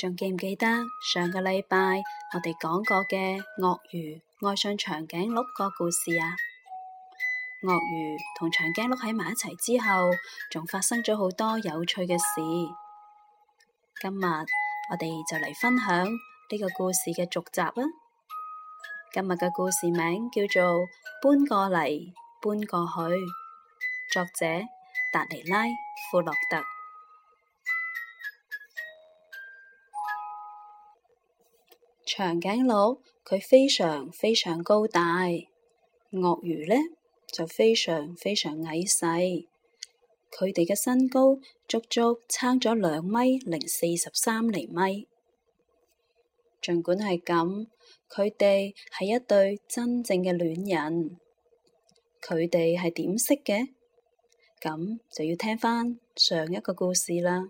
仲記唔記得上個禮拜我哋講過嘅鱷魚愛上長頸鹿個故事啊？鱷魚同長頸鹿喺埋一齊之後，仲發生咗好多有趣嘅事。今日我哋就嚟分享呢個故事嘅續集啊！今日嘅故事名叫做《搬過嚟，搬過去》，作者達尼拉富洛特。長頸鹿佢非常非常高大，鱷魚呢，就非常非常矮細，佢哋嘅身高足足差咗兩米零四十三厘米。儘管係咁，佢哋係一對真正嘅戀人。佢哋係點識嘅？咁就要聽返上一個故事啦。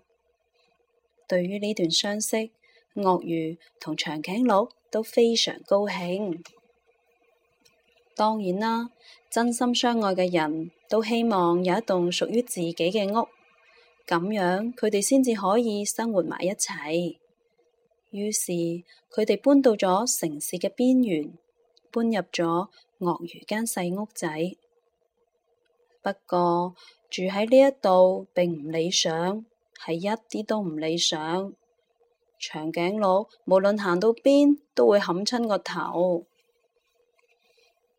對於呢段相識。鱷魚同長頸鹿都非常高興。當然啦，真心相愛嘅人都希望有一棟屬於自己嘅屋，咁樣佢哋先至可以生活埋一齊。於是佢哋搬到咗城市嘅邊緣，搬入咗鱷魚間細屋仔。不過住喺呢一度並唔理想，係一啲都唔理想。長頸鹿無論行到邊都會冚親個頭，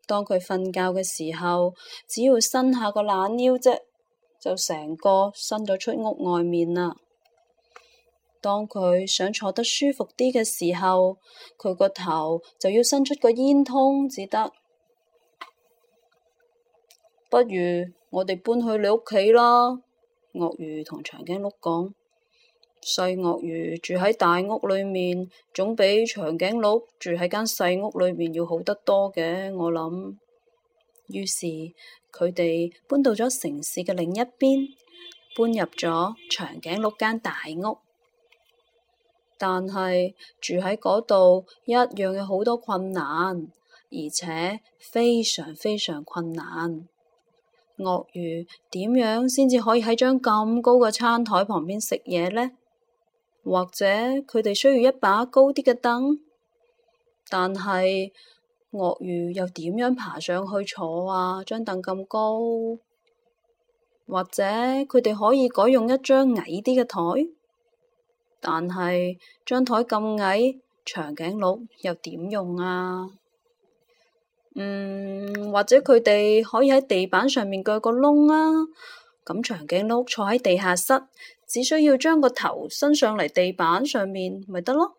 當佢瞓覺嘅時候，只要伸下個懶腰啫，就成個伸咗出屋外面啦。當佢想坐得舒服啲嘅時候，佢個頭就要伸出個煙通至得。不如我哋搬去你屋企啦，鱷魚同長頸鹿講。細鱷魚住喺大屋裏面，總比長頸鹿住喺間細屋裏面要好得多嘅。我諗，於是佢哋搬到咗城市嘅另一邊，搬入咗長頸鹿間大屋。但係住喺嗰度一樣有好多困難，而且非常非常困難。鱷魚點樣先至可以喺張咁高嘅餐台旁邊食嘢呢？或者佢哋需要一把高啲嘅凳，但係鱷魚又點樣爬上去坐啊？張凳咁高。或者佢哋可以改用一張矮啲嘅台但係張台咁矮，長頸鹿又點用啊？嗯，或者佢哋可以喺地板上面鋸個窿啊？咁長頸鹿坐喺地下室，只需要將個頭伸上嚟地板上面，咪得咯。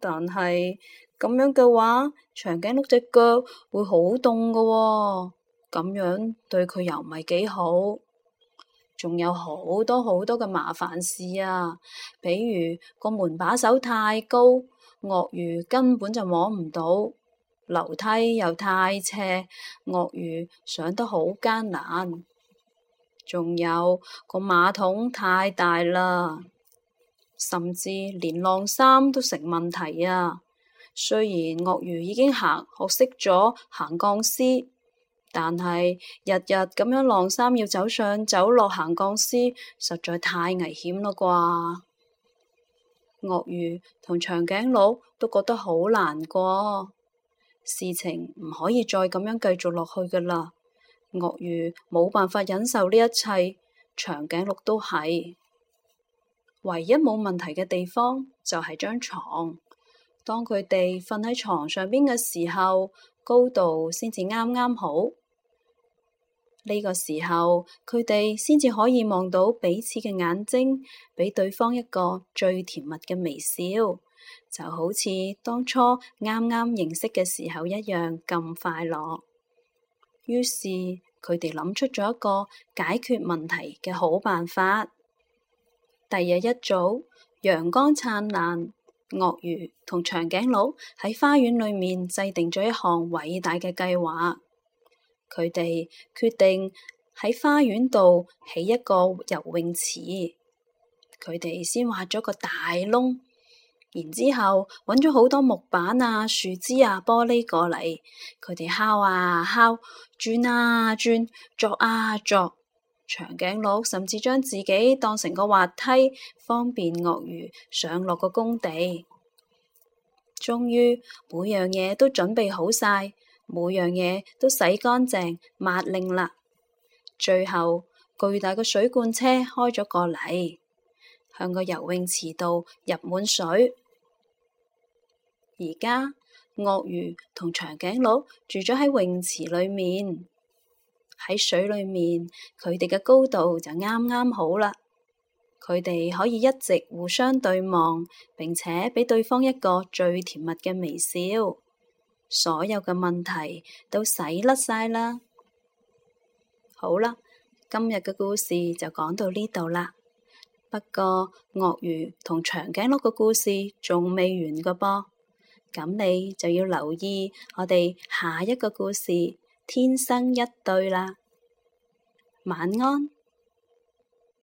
但係咁樣嘅話，長頸鹿隻腳會好凍㗎喎，咁樣對佢又唔係幾好。仲有好多好多嘅麻煩事啊，比如個門把手太高，鱷魚根本就摸唔到；樓梯又太斜，鱷魚上得好艱難。仲有個馬桶太大啦，甚至連晾衫都成問題啊！雖然鱷魚已經行學識咗行鋼絲，但係日日咁樣晾衫要走上走落行鋼絲，實在太危險啦！啩鱷魚同長頸鹿都覺得好難過，事情唔可以再咁樣繼續落去㗎啦。鱷魚冇辦法忍受呢一切，長頸鹿都係唯一冇問題嘅地方就係張床。當佢哋瞓喺床上邊嘅時候，高度先至啱啱好。呢個時候佢哋先至可以望到彼此嘅眼睛，俾對方一個最甜蜜嘅微笑，就好似當初啱啱認識嘅時候一樣咁快樂。於是。佢哋諗出咗一個解決問題嘅好辦法。第日一早，陽光燦爛，鱷魚同長頸鹿喺花園裏面制定咗一項偉大嘅計劃。佢哋決定喺花園度起一個游泳池。佢哋先挖咗個大窿。然之後揾咗好多木板啊、樹枝啊、玻璃過嚟，佢哋敲啊敲、轉啊轉、鑿啊鑿，長頸鹿甚至將自己當成個滑梯，方便鱷魚上落個工地。終於每樣嘢都準備好晒，每樣嘢都洗乾淨、抹靚啦。最後巨大嘅水罐車開咗過嚟，向個游泳池度入滿水。而家鱷魚同長頸鹿住咗喺泳池裏面，喺水裏面，佢哋嘅高度就啱啱好啦。佢哋可以一直互相對望，並且俾對方一個最甜蜜嘅微笑。所有嘅問題都洗甩晒啦。好啦，今日嘅故事就講到呢度啦。不過鱷魚同長頸鹿嘅故事仲未完嘅噃。咁你就要留意我哋下一個故事《天生一對》啦。晚安。